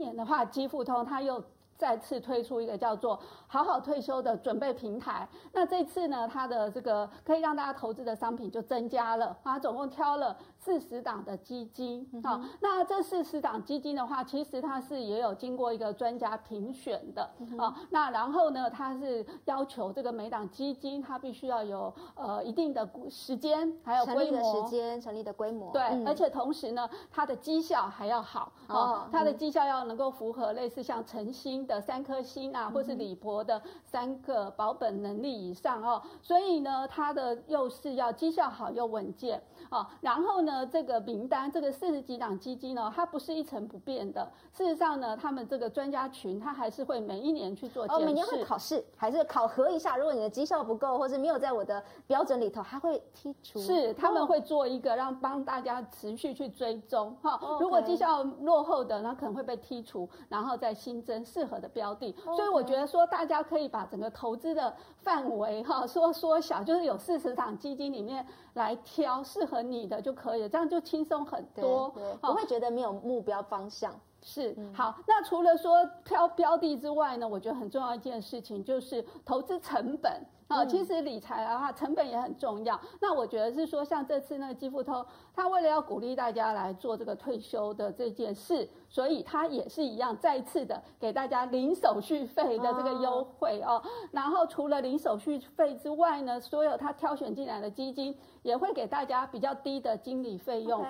年的話，基富通它又，再次推出一個叫做“好好退休”的準備平台。那這次呢，它的這個可以讓大家投資的商品就增加了，啊總共挑了四十檔的基金啊、嗯哼哦。那這四十檔基金的話，其實它是也有經過一個專家評選的啊、嗯哼哦。那然後呢，它是要求這個每檔基金它必須要有呃一定的時間，還有規模。成立的時間、成立的規模，對。嗯、而且同時呢，它的績效還要好哦，哦嗯、它的績效要能夠符合類似像晨星。的三顆星啊，或是理柏的三個保本能力以上哦，所以呢，它的又是要績效好又穩健哦，然後呢，這個名單，這個四十幾檔基金呢，它不是一成不變的。事實上呢，他們這個專家群，他還是會每一年去做哦，每年會考試還是考核一下。如果你的績效不夠，或是沒有在我的標準裡頭，他會剔除。是，他們會做一個讓幫大家持續去追蹤哈。哦哦、如果績效落後的，那可能會被剔除，然後再新增適合。的標的，Okay. 所以我覺得說，大家可以把整個投資的範圍哈縮縮小，就是有四十檔基金裡面來挑適合你的就可以了，這樣就輕鬆很多。不、哦、會覺得沒有目標方向是好。那除了說挑標的之外呢，我覺得很重要一件事情就是投資成本。哦，其實理財的話，成本也很重要。嗯、那我覺得是說，像這次那個基富通，他為了要鼓勵大家來做這個退休的這件事，所以他也是一樣，再次的給大家零手續費的這個優惠哦。啊、然後除了零手續費之外呢，所有他挑選進來的基金也會給大家比較低的經理費用。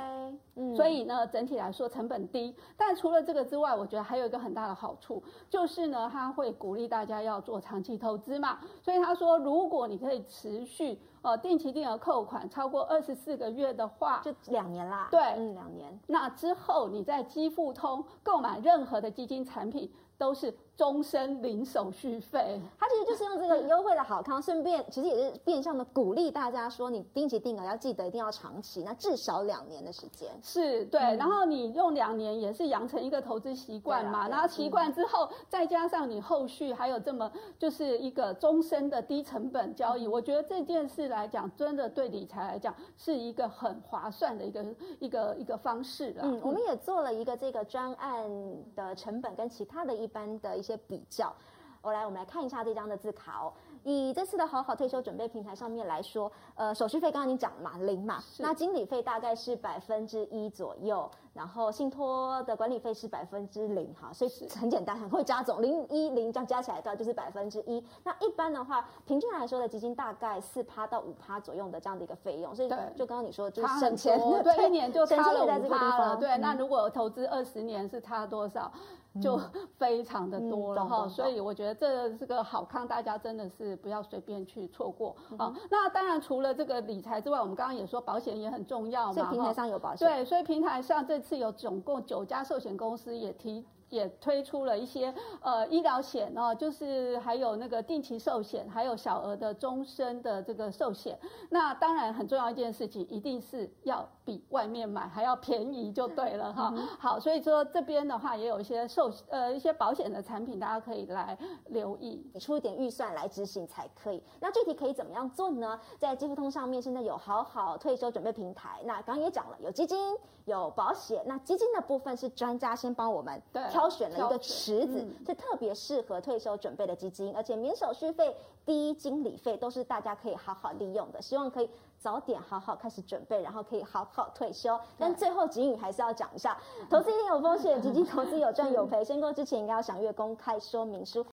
嗯。所以呢，整體來說成本低。但除了這個之外，我覺得還有一個很大的好處，就是呢，他會鼓勵大家要做長期投資嘛。所以他說。如果你可以持續，呃、哦、定期定額扣款超過二十四個月的話，就兩年啦。對，嗯，兩年。那之後你在基富通購買任何的基金產品，嗯、都是終身零手續費。它其實就是用這個優惠的好康，順便其實也是變相的鼓勵大家說，你定期定額要記得一定要長期，那至少兩年的時間。是對，嗯、然後你用兩年也是養成一個投資習慣嘛，然後習慣之後，嗯、再加上你後續還有這麼就是一個終身的低成本交易，嗯、我覺得這件事。來講，真的對理財來講是一個很划算的一個一個一個方式了。嗯，我們也做了一個這個專案的成本跟其他的一般的一些比較。我、oh, 來，我們來看一下這張的字卡哦。以這次的好好退休準備平台上面來說，呃，手續費剛剛你講了嘛，零嘛。是那經理費大概是百分之一左右，然後信託的管理費是百分之零哈，所以很簡單，很會加總，零一零這樣加起來到就是百分之一。那一般的話，平均來說的基金大概四趴到五趴左右的這樣的一個費用，所以就剛剛你說的就是的，就省錢，對，對，一年就差五趴了。對，那如果投資二十年是差多少？嗯就非常的多了哈，嗯嗯、所以我覺得這是個好康。大家真的是不要隨便去錯過、嗯、哼啊。那當然除了這個理財之外，我們剛剛也說保險也很重要嘛。所以平台上有保險，對，所以平台上這次有總共九家壽險公司也提。也推出了一些呃醫療險哦，就是還有那個定期壽險，還有小額的終身的這個壽險。那當然很重要一件事情，一定是要比外面買還要便宜就對了哈、喔。好，所以說這邊的話也有一些壽呃一些保險的產品，大家可以來留意，你出一點預算來執行才可以。那具體可以怎麼樣做呢？在基富通上面現在有好好退休準備平台。那剛也講了，有基金有保險。那基金的部分是專家先幫我們挑。挑選了一個池子，是特別適合退休準備的基金，嗯、而且免手續費、低經理費，都是大家可以好好利用的。希望可以早點好好開始準備，然後可以好好退休。對但最後警語，還是要講一下：投資一定有風險，基金投資有賺有賠，申購 是之前應該要詳閱公開說明書。